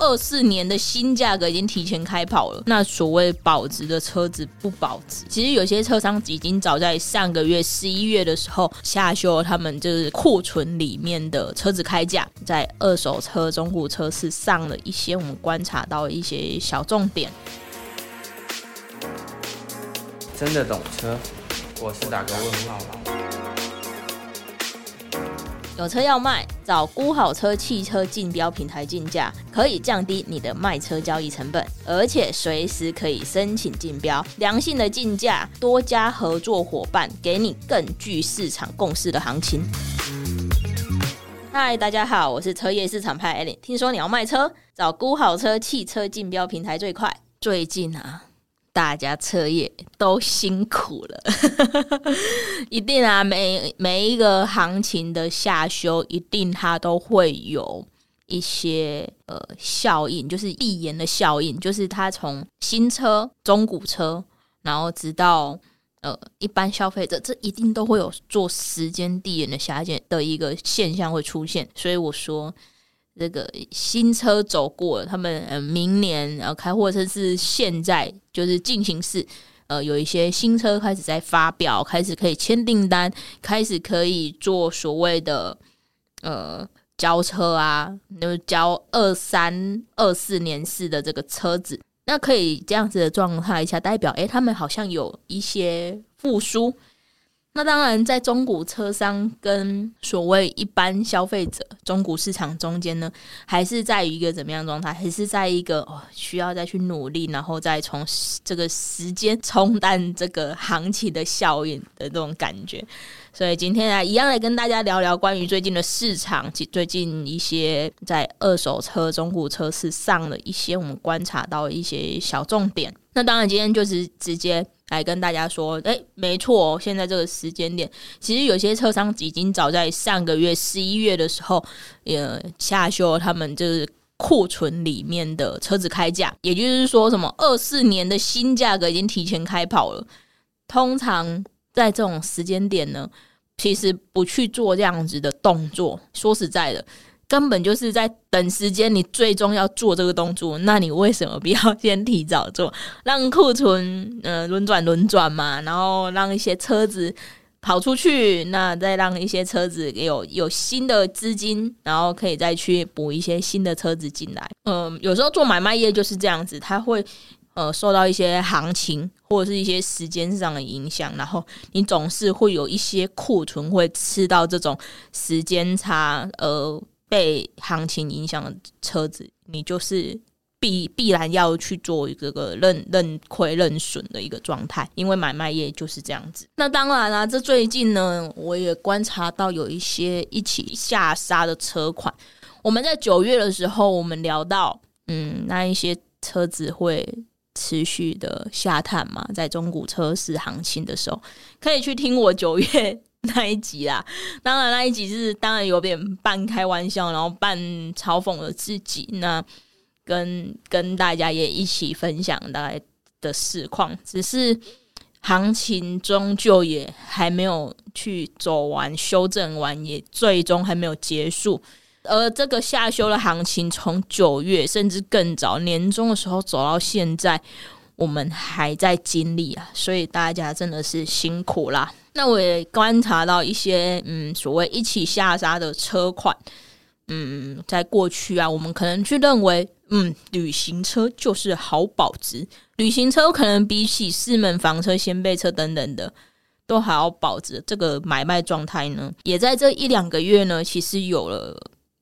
二四年的新價格已經提前開跑了。那所謂保值的車子不保值，其實有些車商已經早在上個月十一月的時候下修，他們就是庫存裡面的車子開價，在二手車、中古車是上了一些。我們觀察到一些小重點。真的懂車，我是大哥問姥姥。有車要賣，找估好車汽車競標平台競價，可以降低你的賣車交易成本，而且隨時可以申請競標，良性的競價，多家合作夥伴給你更具市場共識的行情。嗨，大家好，我是車業市場派 Elin，聽說你要賣車，找估好車汽車競標平台最快。最近啊。大家車業都辛苦了， 一定啊！每每一個行情的下修，一定它都會有一些呃效應，就是遞延的效應，就是它從新車、中古車，然後直到呃一般消費者，這一定都會有做時間遞延的下降的一個現象會出現。所以我說。這個新車走過了，他們明年然後、呃、開貨車是現在就是進行式，呃，有一些新車開始在發表，開始可以簽訂單，開始可以做所謂的呃交車啊，就是、交二三二四年式的這個車子，那可以這樣子的狀態下，代表哎，他們好像有一些復甦。那當然，在中古車商跟所謂一般消費者中古市場中間呢，還是在於一個怎麼樣狀態？還是在一個、哦、需要再去努力，然後再從這個時間沖淡這個行情的效應的那種感覺。所以今天來、啊、一樣來跟大家聊聊關於最近的市場，及最近一些在二手車中古車市上的一些我們觀察到一些小重點。那當然，今天就是直接。來跟大家說，哎，沒錯哦，現在這個時間點，其實有些車商已經早在上個月十一月的時候，也下修他們就是庫存裡面的車子開價，也就是說，什麼二四年的新價格已經提前開跑了。通常在這種時間點呢，其實不去做這樣子的動作，說實在的。根本就是在等時間，你最終要做這個動作，那你為什麼不要先提早做？讓庫存呃輪轉輪轉嘛，然後讓一些車子跑出去，那再讓一些車子有有新的資金，然後可以再去補一些新的車子進來。嗯、呃，有時候做買賣業就是這樣子，它會呃受到一些行情或者是一些時間上的影響，然後你總是會有一些庫存會吃到這種時間差，呃。被行情影響的車子，你就是必必然要去做一個個認認虧認損的一個狀態，因為買賣業就是這樣子。那當然啦、啊，這最近呢，我也觀察到有一些一起下殺的車款。我們在九月的時候，我們聊到，嗯，那一些車子會持續的下探嘛，在中古車市行情的時候，可以去聽我九月。那一集啦，當然那一集是當然有點半開玩笑，然後半嘲諷了自己，那跟跟大家也一起分享大概的實況，只是行情終究也還沒有去走完，修正完也最終還沒有結束，而這個下修的行情從九月甚至更早年中的時候走到現在，我們還在經歷啊，所以大家真的是辛苦啦。那我也觀察到一些，嗯，所謂一起下殺的車款，嗯，在過去啊，我們可能去認為，嗯，旅行車就是好保值，旅行車可能比起四門房車、掀背車等等的，都還要保值。這個買賣狀態呢，也在這一兩個月呢，其實有了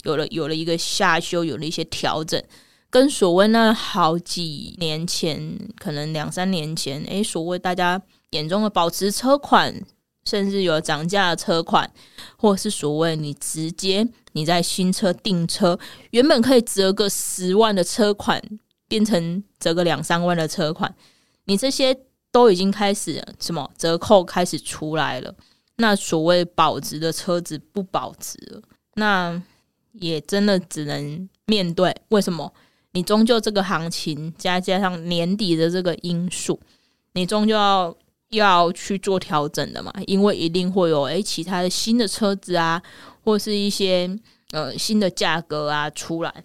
有了有了一個下修，有了一些調整，跟所謂那好幾年前，可能兩三年前，哎、欸，所謂大家眼中的保值車款。甚至有漲價的車款，或是所謂你直接你在新車訂車，原本可以折個十萬的車款，變成折個兩三萬的車款，你這些都已經開始什麼折扣開始出來了。那所謂保值的車子不保值了，那也真的只能面對。為什麼？你終究這個行情，加加上年底的這個因素，你終究要。要去做調整的嘛，因為一定會有誒、欸、其他的新的車子啊，或是一些呃新的價格啊出來，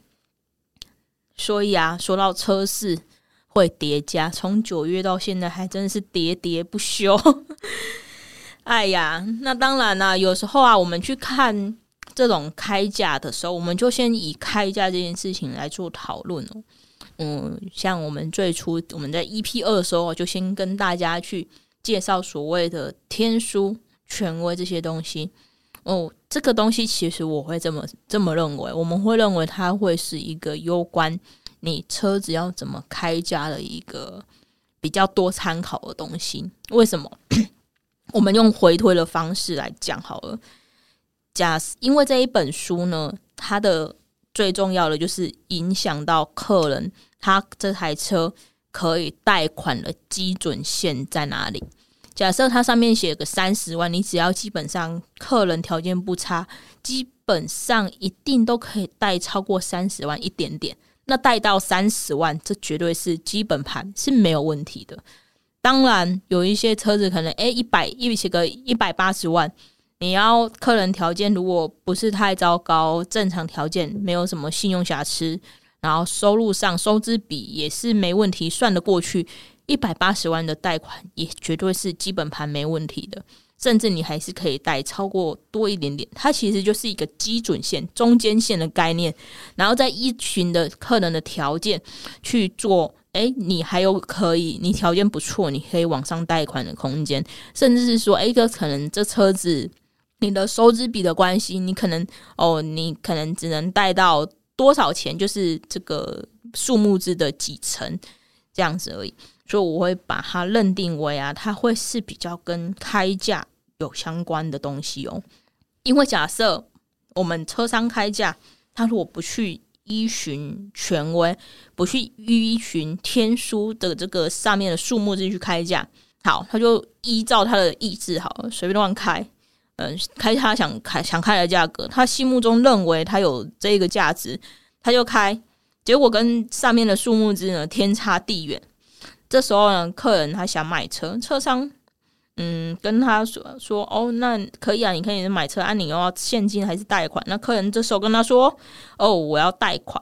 所以啊，說到車市會跌價，從九月到現在，還真的是跌跌不休。 哎呀，那當然啦、啊，有時候啊，我們去看這種開價的時候，我們就先以開價這件事情來做討論哦。嗯，像我們最初我們在 EP 二的時候、喔，就先跟大家去。介紹所謂的天書權威這些東西哦，這個東西其實我會這麼這麼認為，我們會認為它會是一個攸關你車子要怎麼開價的一個比較多參考的東西。為什麼？ 我們用回推的方式來講好了。假使因為這一本書呢，它的最重要的就是影響到客人，他這台車。可以貸款的基準線在哪裡？假設它上面寫個三十萬，你只要基本上客人條件不差，基本上一定都可以貸超過三十萬一點點。那貸到三十萬，這絕對是基本盤，是沒有問題的。當然，有一些車子可能哎一百，一筆寫個一百八十萬，你要客人條件如果不是太糟糕，正常條件沒有什麼信用瑕疵。然後收入上收支比也是沒問題，算得過去，一百八十萬的貸款也絕對是基本盤，沒問題的，甚至你還是可以貸超過多一點點。它其實就是一個基準線、中間線的概念，然後在一群的客人的條件去做，誒，你還有可以，你條件不錯，你可以往上貸款的空間，甚至是說，誒，哥，可能這車子你的收支比的關係，你可能哦，你可能只能貸到。多少錢就是這個數目字的幾成這樣子而已，所以我會把它認定為啊，它會是比較跟開價有相關的東西哦、喔。因為假設我們車商開價，他說我不去依循權威，不去依循天書的這個上面的數目字去開價，好，他就依照他的意志好了，好，隨便亂開。嗯，開他想開想開的價格，他心目中認為他有這個價值，他就開，結果跟上面的數目字呢，天差地遠。這時候呢，客人他想買車，車商嗯跟他說說哦，那可以啊，你可以買車，按、啊、你又要現金還是貸款？那客人這時候跟他說哦，我要貸款，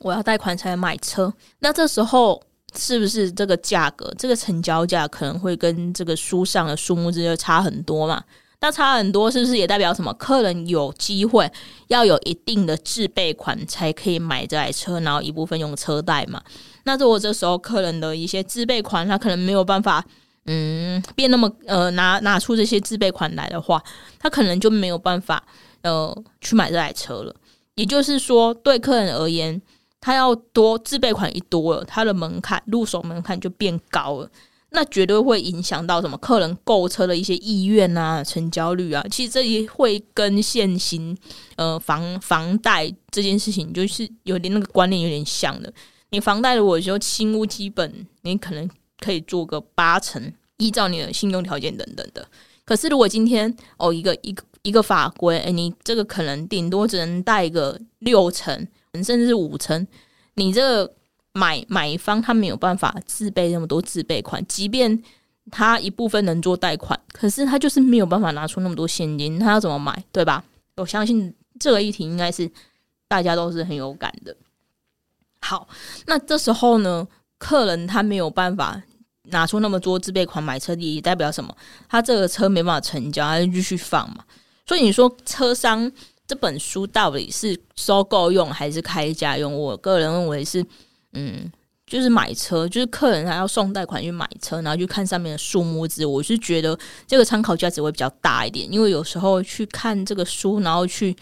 我要貸款才買車。那這時候是不是這個價格，這個成交價可能會跟這個書上的數目字就差很多嘛？那差很多，是不是也代表什麼？客人有機會要有一定的自備款才可以買這台車，然後一部分用車貸嘛。那如果這時候客人的一些自備款，他可能沒有辦法，嗯，變那麼呃拿拿出這些自備款來的話，他可能就沒有辦法呃去買這台車了。也就是說，對客人而言，他要多，自備款一多了，他的門檻，入手門檻就變高了。那絕對會影響到什麼客人購車的一些意願啊、成交率啊。其實這也會跟現行呃房房貸這件事情，就是有點那個觀念有點像的。你房貸的，我如果新屋基本你可能可以做個八成，依照你的信用條件等等的。可是如果今天哦一個一個一個法規，哎、欸，你這個可能頂多只能貸個六成，甚至是五成，你這個。買買方他沒有辦法自備那麼多自備款，即便他一部分能做貸款，可是他就是沒有辦法拿出那麼多現金，他要怎麼買，對吧？我相信這個議題應該是大家都是很有感的。好，那這時候呢，客人他沒有辦法拿出那麼多自備款買車，也代表什麼？他這個車沒辦法成交，他就繼續放嘛。所以你說車商這本書到底是收購用還是開價用？我個人認為是。嗯，就是買車，就是客人還要送貸款去買車，然後去看上面的數目字，我是覺得這個參考價值會比較大一點。因為有時候去看這個書，然後去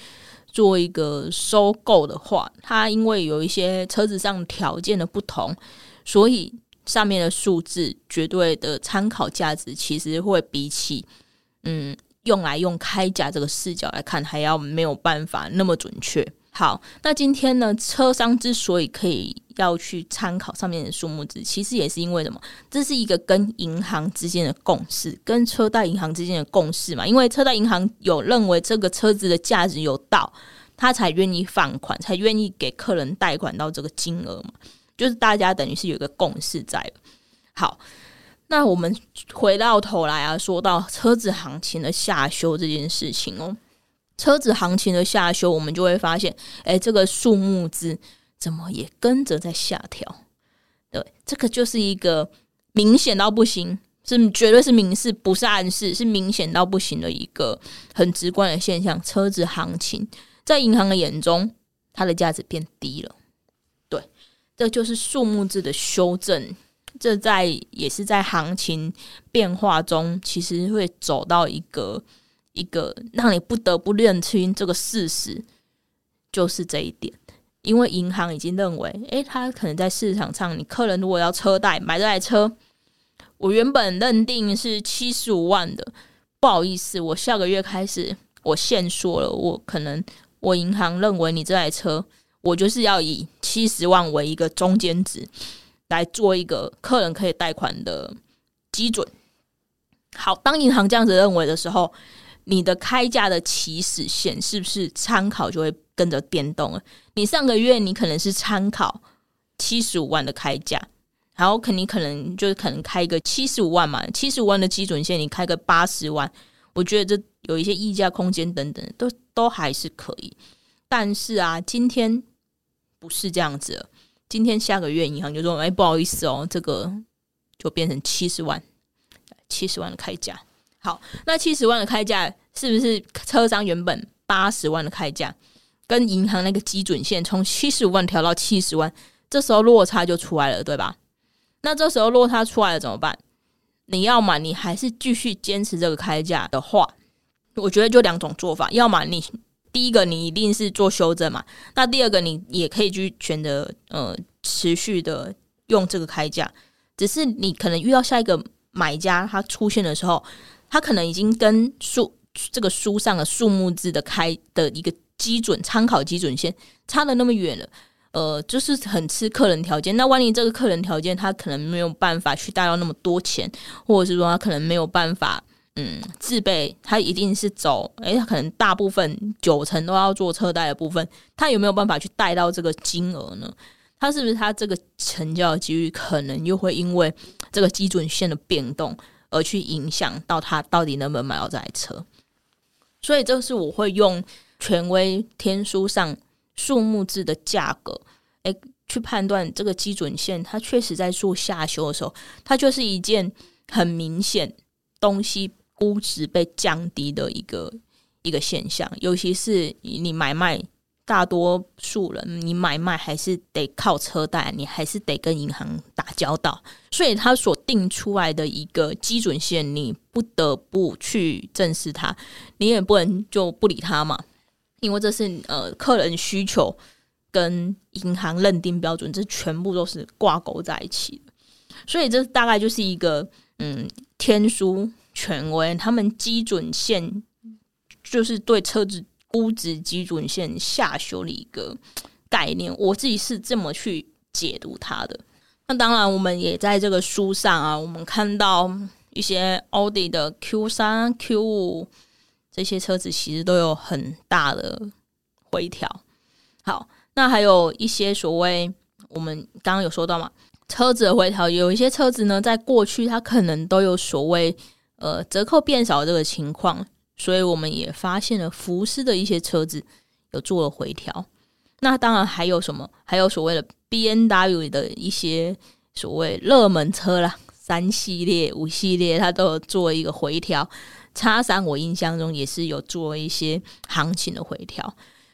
做一個收購的話，它因為有一些車子上條件的不同，所以上面的數字絕對的參考價值，其實會比起嗯用來用開價這個視角來看，還要沒有辦法那麼準確。好，那今天呢，車商之所以可以要去參考上面的數目字，其實也是因為什麼？這是一個跟銀行之間的共識，跟車貸銀行之間的共識嘛。因為車貸銀行有認為這個車子的價值有到，他才願意放款，才願意給客人貸款到這個金額嘛。就是大家等於是有一個共識在。好，那我們回到頭來啊，說到車子行情的下修這件事情哦。車子行情的下修，我們就會發現，哎、欸，這個數目字怎麼也跟着在下調？對，這個就是一個明顯到不行，是絕對是明示，不是暗示，是明顯到不行的一個很直觀的現象。車子行情在銀行的眼中，它的價值變低了。對，這就是數目字的修正。這在也是在行情變化中，其實會走到一個。一個讓你不得不認清這個事實，就是這一點。因為銀行已經認為，誒，他可能在市場上，你客人如果要車貸買這台車，我原本認定是七十五萬的，不好意思，我下個月開始我限縮了，我可能我銀行認為你這台車，我就是要以七十萬為一個中間值來做一個客人可以貸款的基準。好，當銀行這樣子認為的時候，你的開價的起始線是不是參考就會跟着變動了？你上個月你可能是參考七十五萬的開價，然後肯定你可能就是可能開一個七十五萬嘛，七十五萬的基準線，你開個八十萬，我覺得這有一些溢價空間等等都，都都還是可以。但是啊，今天不是這樣子，今天下個月銀行就說：“哎、欸，不好意思哦，這個就變成七十萬，七十萬的開價。”好，那七十萬的開價是不是車商原本八十萬的開價，跟銀行那個基準線從七十五萬調到七十萬，這時候落差就出來了，對吧？那這時候落差出來了怎麼辦？你要麼你還是繼續堅持這個開價的話，我覺得就兩種做法：要麼你第一個你一定是做修正嘛，那第二個你也可以去選擇呃持續的用這個開價，只是你可能遇到下一個買家他出現的時候。他可能已經跟書這個書上的數目字的開的一個基準參考基準線差得那麼遠了，呃，就是很吃客人條件。那萬一這個客人條件他可能沒有辦法去貸到那麼多錢，或者是說他可能沒有辦法，嗯，自備。他一定是走，誒、欸，他可能大部分九成都要做車貸的部分，他有沒有辦法去貸到這個金額呢？他是不是他這個成交的幾率可能又會因為這個基準線的變動，而去影響到他到底能不能買到這台車，所以這是我會用權威天書上數目字的價格，哎、欸，去判斷這個基準線。它確實在做下修的時候，它就是一件很明顯東西估值被降低的一個一個現象，尤其是你買賣。大多數人，你買賣還是得靠車貸，你還是得跟銀行打交道，所以他所定出來的一個基準線，你不得不去正視它，你也不能就不理他嘛，因為這是呃，客人需求跟銀行認定標準，這全部都是掛鈎在一起的，所以這大概就是一個嗯，天書權威，他們基準線就是對車子估值基準線下修的一個概念，我自己是這麼去解讀它的。那當然，我們也在這個書上啊，我們看到一些奧迪的 Q 三、Q 五這些車子，其實都有很大的回調。好，那還有一些所謂我們剛剛有說到嘛，車子的回調，有一些車子呢，在過去它可能都有所謂呃折扣變少的這個情況。所以我們也發現了福斯的一些車子有做了回調，那當然還有什麼，還有所謂的 BMW 的一些所謂熱門車啦，三系列、五系列它都有做一個回調，X3 我印象中也是有做一些行情的回調。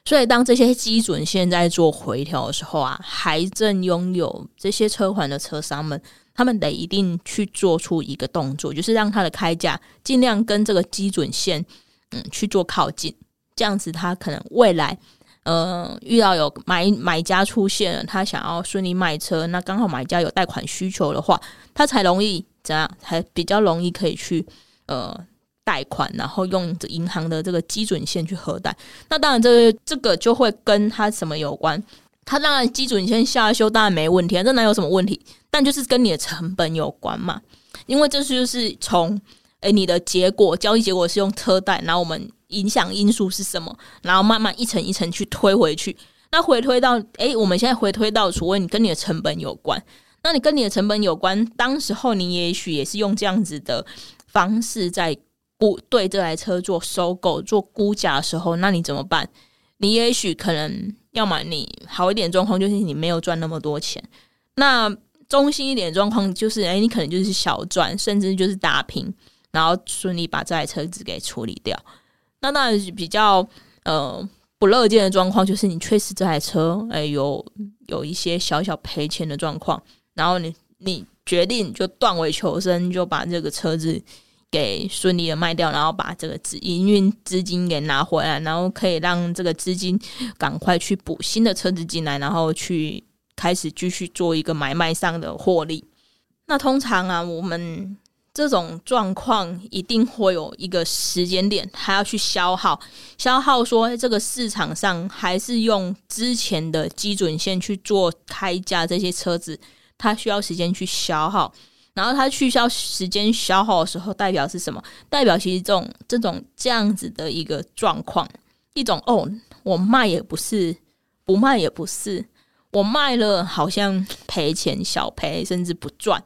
所以當這些基準線在做回調的時候啊，還正擁有這些車款的車商們，他們得一定去做出一個動作，就是讓他的開價盡量跟這個基準線，嗯，去做靠近。這樣子，他可能未來，呃，遇到有買買家出現了，他想要順利賣車，那剛好買家有貸款需求的話，他才容易怎樣，才比較容易可以去呃貸款，然後用這銀行的這個基準線去核貸。那當然、這個，這這個就會跟他什麼有關？它當然基準，你先下修，當然沒問題，啊，這哪有什麼問題？但就是跟你的成本有關嘛，因為這就是從誒，欸、你的結果交易結果是用車貸，然後我們影響因素是什麼？然後慢慢一層一層去推回去，那回推到誒，欸、我們現在回推到，除非你跟你的成本有關，那你跟你的成本有關，當時候你也許也是用這樣子的方式在估對這台車做收購做估價的時候，那你怎麼辦？你也許可能。要麼你好一點狀況就是你沒有賺那麼多錢，那中心一點狀況就是誒、欸，你可能就是小賺，甚至就是打平，然後順利把這台車子給處理掉。那那比較呃不樂見的狀況就是你確實這台車誒、欸、有有一些小小賠錢的狀況，然後你你決定就斷尾求生，就把這個車子。給順利的賣掉，然後把這個營運資金給拿回來，然後可以讓這個資金趕快去補新的車子進來，然後去開始繼續做一個買賣上的獲利。那通常啊，我們這種狀況一定會有一個時間點，他要去消耗，消耗說這個市場上還是用之前的基準線去做開價這些車子，它需要時間去消耗。然後它取消時間消耗的時候，代表是什麼？代表其實這種這種這樣子的一個狀況，一種哦，我賣也不是，不賣也不是，我賣了好像賠錢小賠，甚至不賺。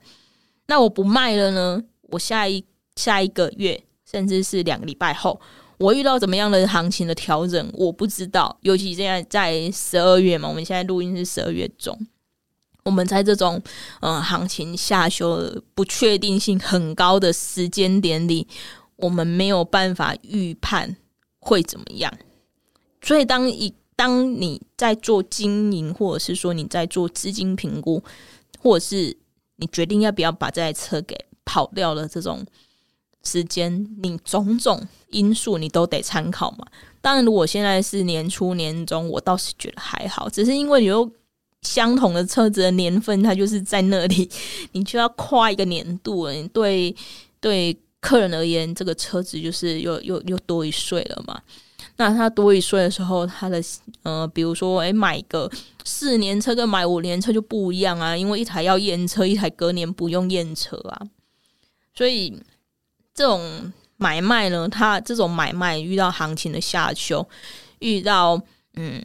那我不賣了呢？我下一下一個月，甚至是兩個禮拜後，我遇到怎麼樣的行情的調整，我不知道。尤其現在在十二月嘛，我們現在錄音是十二月中。我們在這種嗯、呃、行情下修的不確定性很高的時間點裡，我們沒有辦法預判會怎麼樣。所以，當一當你在做經營，或者是說你在做資金評估，或者是你決定要不要把這台車給跑掉了，這種時間，你種種因素你都得參考嘛。當然，如果現在是年初、年終，我倒是覺得還好，只是因為有。相同的車子的年份，它就是在那裡，你就要跨一個年度，你對。對對，客人而言，這個車子就是又又又多一歲了嘛。那它多一歲的時候，它的呃，比如說，誒、欸，買個四年車跟買五年車就不一樣啊，因為一台要驗車，一台隔年不用驗車啊。所以這種買賣呢，它這種買賣遇到行情的下修，遇到嗯。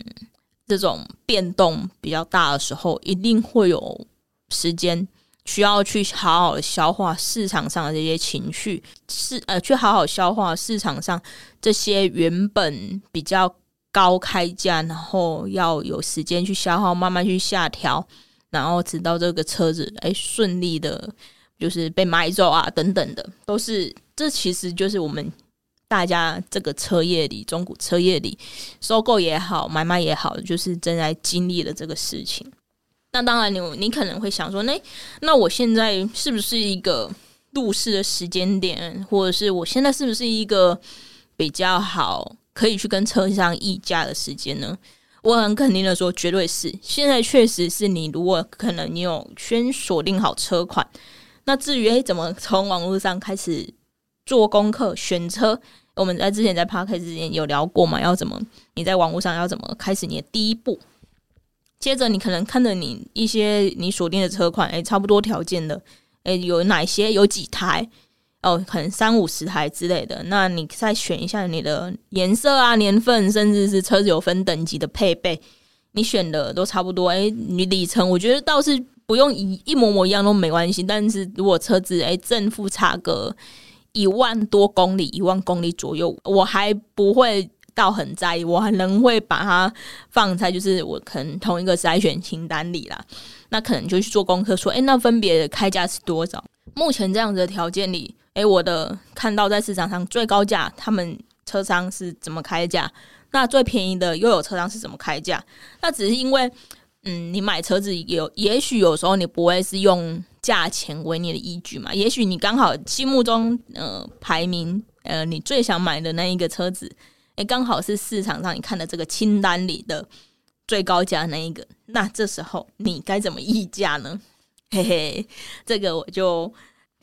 這種變動比較大的時候，一定會有時間需要去好好的消化市場上的這些情緒，是呃，去好好消化市場上這些原本比較高開價，然後要有時間去消耗，慢慢去下調，然後直到這個車子哎順利的，就是被買走啊等等的，都是這其實就是我們。大家這個車業裡，中古車業裡收購也好，買賣也好，就是正在經歷的這個事情。那當然你，你你可能會想說，那、欸、那我現在是不是一個入市的時間點，或者是我現在是不是一個比較好可以去跟車商議價的時間呢？我很肯定的說，絕對是。現在確實是你如果可能，你有先鎖定好車款。那至於誒、欸，怎麼從網絡上開始？做功課選車，我們在之前在 Podcast 之前有聊過嘛？要怎麼？你在網絡上要怎麼開始你的第一步？接着你可能看着你一些你鎖定的車款，誒、欸，差不多條件的，誒、欸，有哪些？有幾台？哦，可能三五十台之類的。那你再選一下你的顏色啊、年份，甚至是車子有分等級的配備，你選的都差不多。誒、欸，你里程，我覺得倒是不用一一模模一樣都沒關係。但是如果車子誒、欸、正負差個。一萬多公里，一萬公里左右，我還不會到很在意，我可能會把它放在就是我可能同一個篩選清單裡啦。那可能就去做功課，說，誒、欸，那分別的開價是多少？目前這樣子的條件裡，誒、欸，我的看到在市場上最高價，他們車商是怎麼開價？那最便宜的又有車商是怎麼開價？那只是因為，嗯，你買車子也有，也許有時候你不會是用。價錢為你的依據嘛？也許你剛好心目中呃排名呃你最想買的那一個車子，誒、欸，剛好是市場上你看的這個清單裡的最高價那一個，那這時候你該怎麼議價呢？嘿嘿，這個我就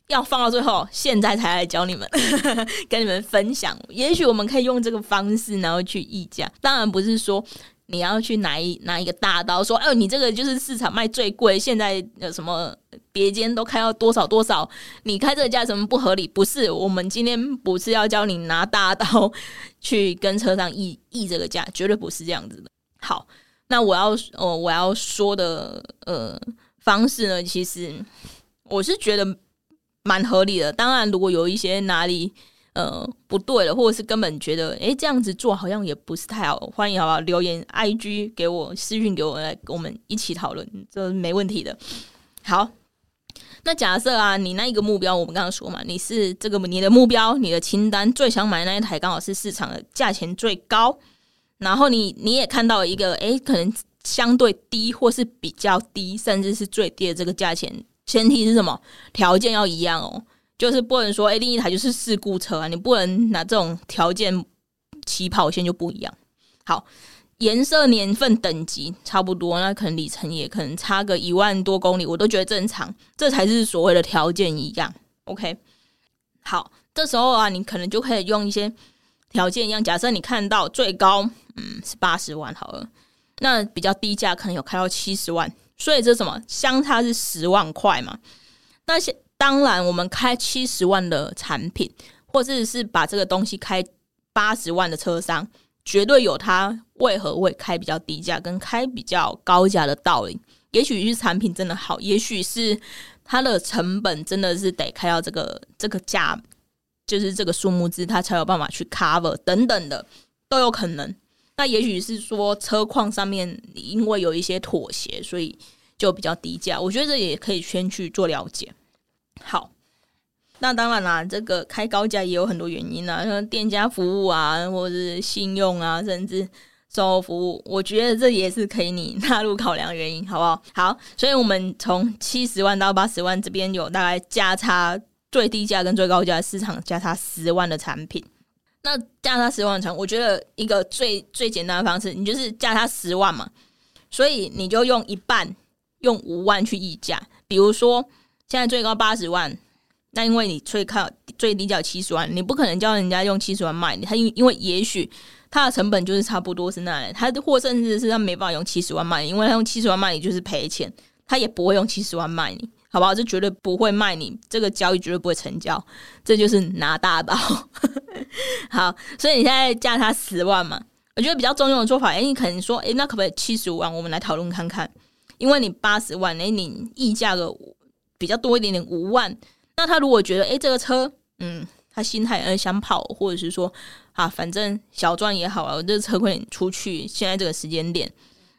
要放到最後，現在才來教你們， 跟你們分享。也許我們可以用這個方式，然後去議價。當然不是說。你要去拿一拿一個大刀，說：“哎、呃、呦，你這個就是市場賣最貴，現在有什麼別間都開到多少多少，你開這個價什麼不合理？”不是，我們今天不是要教你拿大刀去跟車商議議這個價，絕對不是這樣子的。好，那我要哦、呃，我要說的呃方式呢，其實我是覺得蠻合理的。當然，如果有一些哪裡。呃，不對了，或者是根本覺得，哎、欸，這樣子做好像也不是太好。歡迎，好不好？留言 I G 給我私訊，給我來，我們一起討論，這是沒問題的。好，那假設啊，你那一個目標，我們剛剛說嘛，你是這個你的目標，你的清單最想買那一台，剛好是市場的價錢最高。然後你你也看到一個，哎、欸，可能相對低或是比較低，甚至是最低的這個價錢，前提是什麼？條件要一樣哦。就是不能說誒、欸，另一台就是事故車啊，你不能拿這種條件起跑線就不一樣。好，顏色、年份、等級差不多，那可能里程也可能差個一萬多公里，我都覺得正常，這才是所謂的條件一樣。OK，好，這時候啊，你可能就可以用一些條件一樣。假設你看到最高嗯是八十萬好了，那比較低價可能有開到七十萬，所以這是什麼？相差是十萬塊嘛？那些。當然，我們開七十萬的產品，或者是,是把這個東西開八十萬的車商，絕對有它為何會開比較低價跟開比較高價的道理。也許是產品真的好，也許是它的成本真的是得開到這個這個價，就是這個數目字它才有辦法去 cover 等等的都有可能。那也許是說車況上面因為有一些妥協，所以就比較低價。我覺得也可以先去做了解。好，那當然啦、啊，這個開高價也有很多原因啦、啊，像店家服務啊，或者是信用啊，甚至售後服務，我覺得這也是可以你納入考量的原因，好不好？好，所以我們從七十萬到八十萬這邊有大概價差，最低價跟最高價市場價差十萬的產品，那價差十萬的產品，我覺得一個最最簡單的方式，你就是價差十萬嘛，所以你就用一半，用五萬去議價，比如說。現在最高八十萬，那因為你最靠最低價七十萬，你不可能叫人家用七十萬賣你。他因因為也許他的成本就是差不多是那樣，他的貨甚至是他沒辦法用七十萬賣你，因為他用七十萬賣你就是賠錢，他也不會用七十萬賣你，好不好？就絕對不會賣你，這個交易絕對不會成交，這就是拿大刀。 好，所以你現在加他十萬嘛？我覺得比較中庸的做法，誒、欸，你可能說，誒、欸，那可不可以七十五萬？我們來討論看看，因為你八十萬，誒、欸，你溢價個。比較多一點點五萬，那他如果覺得哎、欸、這個車，嗯，他心態呃想跑，或者是說啊反正小賺也好我這個車可以出去。現在這個時間點，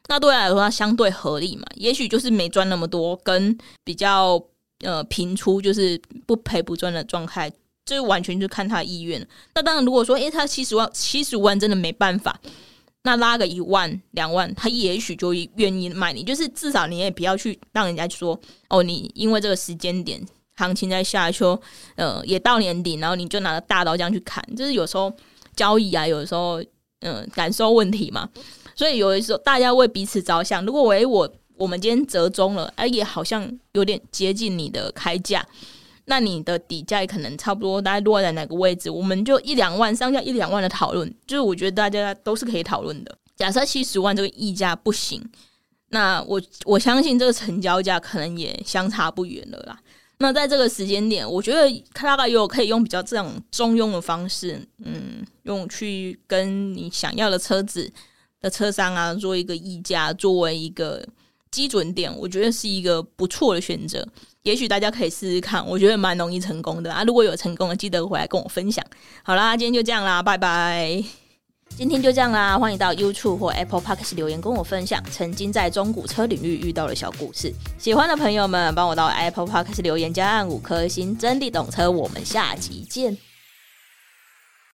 那對他來說相對合理嘛？也許就是沒賺那麼多，跟比較呃平出，就是不賠不賺的狀態，這完全就看他的意願。那當然如果說哎、欸、他七十萬七十五萬真的沒辦法。那拉個一萬兩萬，他也許就願意賣你，就是至少你也不要去讓人家說哦，你因為這個時間點行情在下修，呃也到年底，然後你就拿個大刀這樣去砍，就是有時候交易啊，有時候嗯、呃、感受問題嘛。所以有的時候大家為彼此着想，如果為我，我，我們今天折中了，哎、欸，也好像有點接近你的開價。那你的底價可能差不多，大概落在哪個位置？我們就一兩萬，上下一兩萬的討論，就是我覺得大家都是可以討論的。假設七十萬這個議價不行，那我我相信這個成交價可能也相差不遠了啦。那在這個時間點，我覺得大概有可以用比較這種中庸的方式，嗯，用去跟你想要的車子的車商啊做一個議價，作為一個基準點，我覺得是一個不錯的選擇。也許大家可以試試看，我覺得蠻容易成功的啊！如果有成功的，記得回來跟我分享。好啦，今天就這樣啦，拜拜！今天就這樣啦，歡迎到 YouTube 或 Apple Podcast 留言跟我分享曾經在中古車領域遇到的小故事。喜歡的朋友們，幫我到 Apple Podcast 留言加按五顆星，真滴懂車。我們下集見。